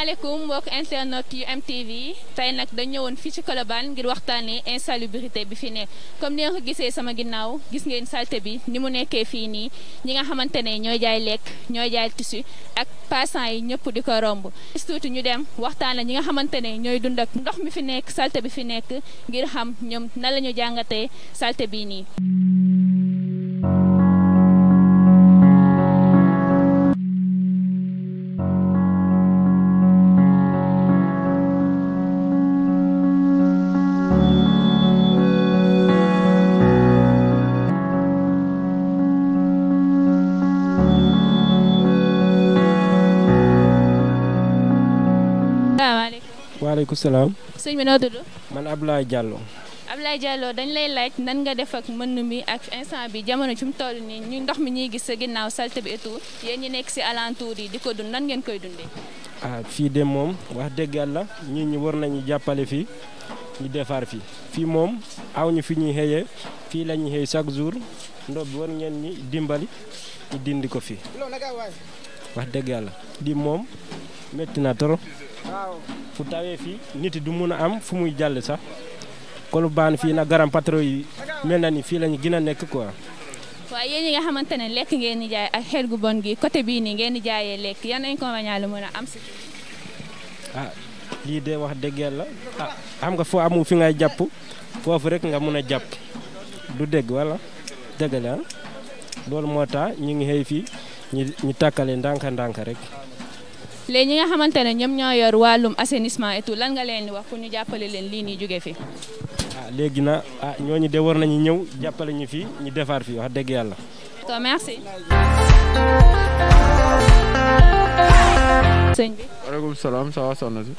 asalaamaaleykum mbokk internet yu MTV tey nag dañ ñëwoon fii ci Colobane ngir waxtaanee insalubrité bi fi nekk comme ni nga ko gisee sama ginnaaw gis ngeen saleté bi ni mu nekkee fii nii ñi nga xamante ne ñooy jaay lekk ñooy jaay tissu ak passant yi ñëpp di ko romb. tuuti ñu dem waxtaan waxtaanee ñi nga xamante ne ñooy dund ak ndox mi fi nekk salte bi fi nekk ngir xam ñoom na la ñu jàngatee saleté bii nii. waaleykum salaam. sëñ bi noo tudd. man Abdoulaye Diallo. Abdoulaye Diallo dañ lay laaj nan nga def ak mën mi ak instant bi jamono ci mu toll nii ñu ndox mi ñuy gis sa ginnaaw salte bi et tout yéen ñi nekk si alentour yi di ko dund nan ngeen koy dundee. ah fii de moom wax dëgg yàlla ñii ñi war nañu jàppale fi ñu defar fii fii moom aw ñu fi ñuy xëyee fii la ñuy xëy chaque jour ndox bi war ngeen ñi dimbali ñu dindi ko fii wax dëgg yàlla di moom metti na trop. bu tawee fii nit du mën a am fu muy jàll sax Colobane fii nag garam patron yi mel na ni fii lañu gën a nekk quoi. waaw yéen ñi nga xamante ne lekk ngeen di jaay ak xel gu bon gi côté bii nii ngeen di jaayee lekk yan nañ ko wañaale mën a am si. ah lii de wax dëgg yàlla ah xam nga foo amul fi ngay jàpp foofu rekk nga mën a jàpp du dégg walla dëgg la loolu moo tax ñu ngi xëy fii ñu ñu tàkkale ndànk ndànk rek. léegi ñi nga xamante ne ñoom ñoo yor wàllum assainissement etu tout lan nga leen di wax pour ñu jàppale leen lii nii jóge fi. ah léegi na ah, ñooñu de war nañu ñëw jàppale ñu fi ñu defar fi wax dëgg yàlla. to merci. sëñ bi. waaleykum salaam ça va soxna si.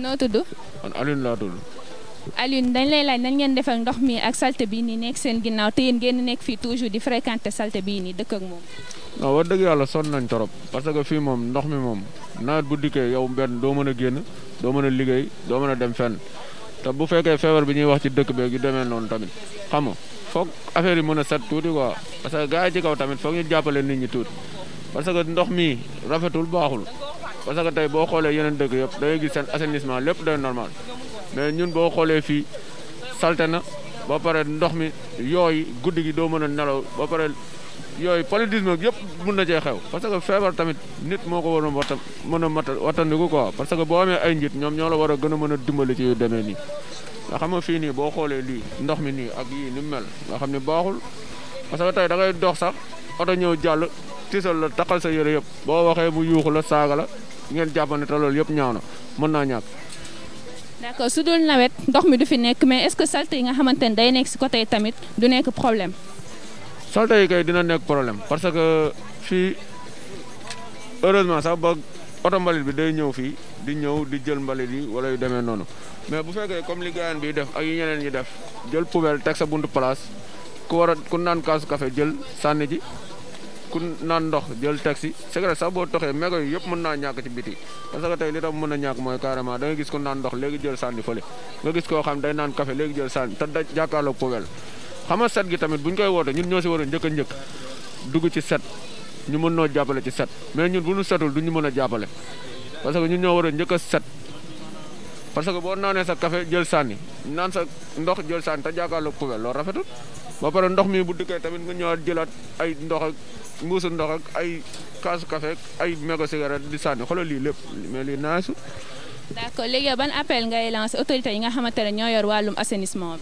noo tudd. man Alioune laa tudd. Alioune dañ lay laaj nañ ngeen defal ndox mi ak salte bi nii nekk seen ginnaaw te yéen ngeen nekk fii toujours di fréquenter salte bii nii dëkk ak moom. non wax dëgg yàlla sonn nañ torop parce que fii moom ndox mi moom nawet bu dikkee yow benn doo mën a génn doo mën a liggéey doo mën a dem fenn te bu fekkee feebar bi ñuy wax ci dëkk beeg yu demee noonu tamit xam nga foog affaire yi mën a set tuuti quoi parce que gars yi ci kaw tamit foog ñu jàppale nit ñi tuuti parce que ndox mi rafetul baaxul parce que tey boo xoolee yeneen dëkk yëpp da ngay gis seen assainissement lépp day normal mais ñun boo xoolee fii salte na ba pare ndox mi yooyu guddi gi doo mën a ba pare yooyu paludisme yëpp mun na cee xew parce que feebar tamit nit moo ko war a wata mën a mata ko quoi parce que boo amee ay njit ñoom ñoo la war a gën a mën a dimbali ci yu demee nii nga xam nga fii nii boo xoolee lii ndox mi nii ak yii ni mu mel nga xam ne baaxul parce que tey dangay ngay dox sax oto ñëw jàll tisal la taqal sa yére yëpp boo waxee mu yuuxu la saaga la ngeen jàppane te loolu yëpp ñaaw na mën naa ñàkk d'accord su dul nawet ndox mi du fi nekk mais est-ce que salte nga xamante ne day nekk si côté tamit du nekk problème salte yi kay dina nekk problème parce que fii heureusement sax ba oto mbalit bi day ñëw fii di ñëw di jël mbalit yi wala yu demee noonu mais bu fekkee comme li gaayan bi def ak yi ñeneen ñi def jël poubelle teg sa buntu place ku war a ku naan kaasu kafe jël sànni ji ku naan ndox jël taxi secret sax boo toxee mégo yi yëpp mën naa ñàkk ci biti parce que tey li tax mën a ñàkk mooy carrément da gis ku naan ndox léegi jël sànni fële nga gis koo xam day naan café léegi jël sànni te da jàkkaarloog poubelle xam nga set gi tamit bu ñu koy woote ñun ñoo si war a njëkk a njëkk dugg ci set ñu mën noo jàppale ci set mais ñun bu ñu setul du ñu mën a jàppale parce que ñun ñoo war a njëkk a set parce que boo naanee sa café jël sànni naan sa ndox jël sànni te jàkkaarloog loo loolu boo ba pare ndox mi bu dikkee tamit nga ñëwaat jëlaat ay ndox ak mbuusu ndox ay kaasu kafe ak ay mégo cigarette di sànni xoolal lii lépp mais lii naasu. d'accord léegi ban appel ngay lancé autorité yi nga xamante ne ñoo yor wàllum assainissement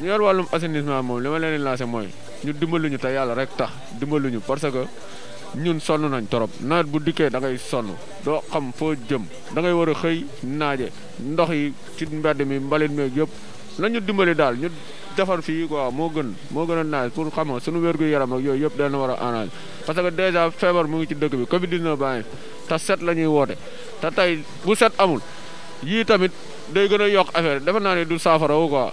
ñu yor wàllum assainissement moom li ma leen di mooy ñu ñu te yàlla rek tax ñu parce que ñun sonn nañ torop nawet bu dikkee da ngay sonn doo xam foo jëm dangay war a xëy naaje ndox yi ci mbedd mi mbalit meeg yëpp nañu dimbali daal ñu defar fii quoi moo gën moo gën a naaj pour xamoo sunu suñu wér-gu-yaram ak yooyu yëpp dana war a arrange parce que dèjà feebar mu ngi ci dëkk bi Covid 19 baa ngi te set la ñuy woote te tey bu set amul yii tamit day gën a yokk affaire defe naa du saafara quoi.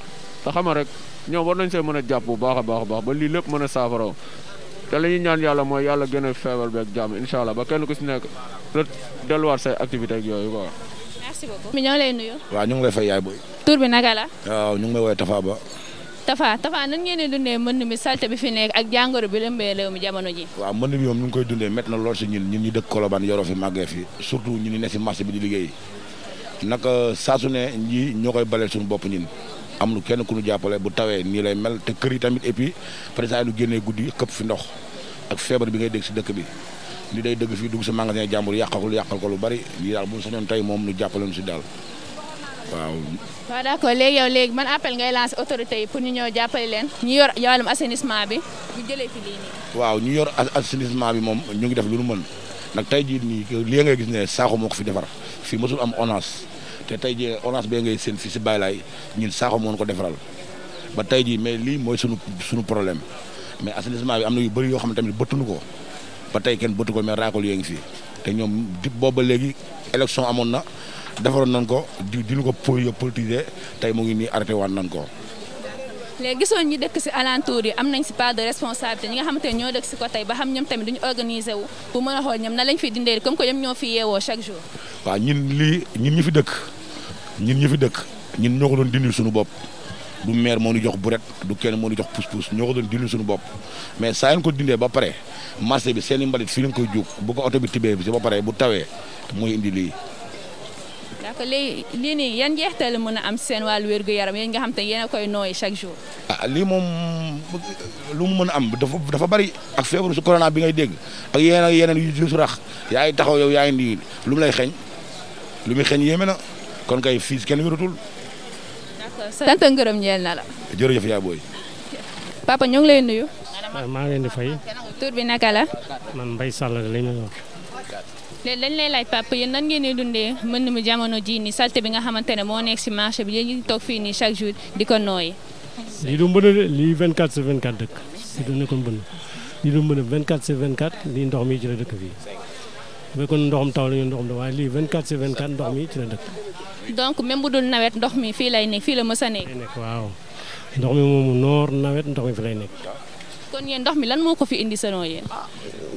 te xam rek ñoom war nañ see mën a jàpp bu baax a baax a baax ba lii lépp mën a saafara te la ñaan yàlla mooy yàlla gën a feebar beeg jàmm incha allah ba kenn ku si nekk rek delluwaat say yooyu quoi. merci beaucoup. mi ñoo lay nuyu. waaw ñu ngi lay fay yaay boy. tur bi naka la. waaw ñu ngi may woowee Ba. Tafa Tafa nan ngeen di dundee mën mi salte bi fi nekk ak jàngoro bi lëmbee réew mi jamono ji. waaw mën bi moom ñu ngi koy dundee met na lool si ñun ñun ñu dëkk Colobane yoroo fi màggee fi surtout ñu ne si liggéey naka saa su ñii ñoo koy baleel suñu bopp ñun am nu kenn ku ñu jàppale bu tawee nii lay mel te kër yi tamit et puis président lu génnee guddi këpp fi ndox ak feebar bi ngay dégg si dëkk bi li day dëgg fii dugg si magasin jàmbur yàqal ko yàqal ko lu bari lii daal bu ñu sañoon tey moom nu jàppale ñu si daal waaw. waaw d'accord léegi yow man appel ngay lancer autorités yi pour ñu jàppale leen. ñu yor wàllum assainissement bi. nii. waaw ñu yor assainissement bi moom ñu ngi def lu nu mën nag tey jiit nii lii nga gis ne saako moo ko fi defar fii mosul am onage te tey jii orange bee ngay seen fii si Baye Laye ñun saaxo moon ko defaral ba tey jii mais lii mooy sunu suñu problème mais assainissement bi am na yu bëri yoo xam ne tamit bëttuñu ko ba tey kenn bëttu ko mais raakol yee ngi fii te ñoom di booba léegi élection amoon na defaroon nañ ko di diñu ko politiser tey mu ngi nii arrêté waan nañ ko léegi gisoon ñi dëkk si alentour yi am nañ si part de responsabilité ñi nga xam ne ñoo dëkk si ko tey ba xam ñoom tamit duñu organiser wu bu mën a xool ñoom na lañ fi dindee comme que ñoom ñoo fi yeewoo chaque jour waaw ñun lii ñun ñu fi dëkk ñun ñu fi dëkk ñun ñoo ko doon dindil suñu bopp du maire moo ñu jox buret du kenn moo ñu jox pousse-pousse ñoo ko doon dindil suñu bopp mais saa yéen ko dindee ba pare marché bi seen i mbalit fii lañ koy juug bu ko oto bi tibee bi si ba pare bu tawee mooy indi lii. d'accord léegi lii nii yan jeextal la mën a am seen wàllu wér gu yaram yéen nga xam te yéen a koy nooy chaque ah, lii moom lu mu mën a am dafa dafa bari ak feebaru su corona bi ngay dégg ak yeneen yeneen yu su rax yaa ngi taxaw yow yaa ngi nii lu mu lay xeeñ lu muy xeeñ yéeme kon kay fii kenn wératul. d'accord sant ngërëm ñeel na la. jërëjëf yaa booy. papa ñoo ngi lay nuyu. Ah, maa ngi leen di fay. tur bi naka la. man Mbaye Sall la ñu wax. léegi dañ lay laaj papa yéen nan ngeen di dundee mën na mu jamono jii nii salte bi nga xamante ne moo nekk si marché bi yéen ñu toog fii nii chaque jour di ko nooyi. lii du mbënd lii 24 sur 24 dëkk si du nekkoon mbënd lii du mbënd 24 sur 24 lii ndox mi jëlee dëkk fii bu fekkoon ndoxam taw la ñu ndoxam waaye lii 24 sur 24 ndox mi ci la donc même bu dul nawet ndox mi fii lay nekk fii la mës a nekk. waaw ndox mi moomu noor nawet ndox mi fi lay nekk. kon yéen ndox mi lan moo ko fi indi selon yéen.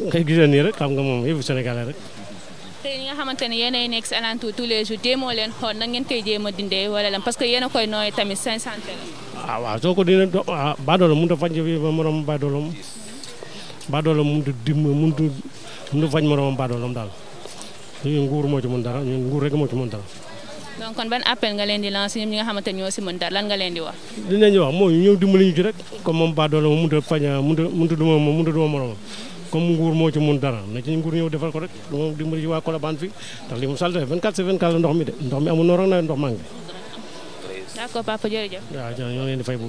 nga gisee nii rek xam nga moom yëfu Sénégalais rek. tey ñi nga xamante ne yéenay nekk si alentour tous les jours leen xool na ngeen koy jéem a dindee wala lan parce que yéen a koy nooy tamit 500 la. ah waaw soo ko dina ah Badolo mënut a faj moroom Badoloom Badolo mënut a dim mënut a mënut a faj moroom Badoloom daal. donc kon ban appel nga leen di lancer ñoom ñi nga xamante ni ñoo si mën dara lan nga leen di wax. li leen di wax mooy ñëw dimbali ñu ci rek comme moom Badoo la moom mënut a fañ mun dara na ci nguur ñëw defal ko rek moom dimbali ci waa Colobane fii ndax li mu salte 24 sur 24 la ndox mi de ndox mi amul noor ndox maa ngi fi. d'accord papa jërëjëf.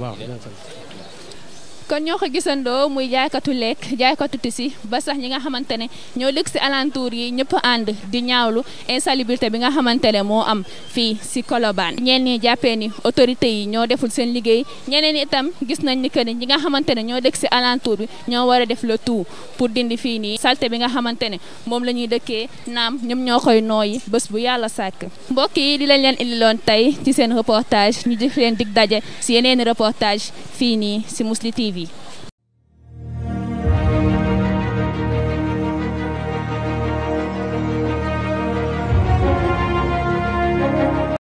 waaw kon ñoo ko gisandoo muy jaaykatu lekk jaaykatu tisi ba sax ñi nga xamante ne ñoo dëkk si alentour yi ñëpp ànd di ñaawlu insalubrité bi nga xamante ne moo am fii si Colobane ñenn jàppee ni autorité yi ñoo deful seen liggéey ñeneen itam gis nañ ni que ni ñi nga xamante ne ñoo dëkk si alentour bi ñoo a def le tout pour dindi fii nii salte bi nga xamante ne moom la ñuy dëkkee naam ñoom ñoo koy nooyi bés bu yàlla sàkk mbokk yi di lañ leen indiloon tey ci seen reportage ñu jëf leen daje si yeneeni reportage fii nii si Mously TV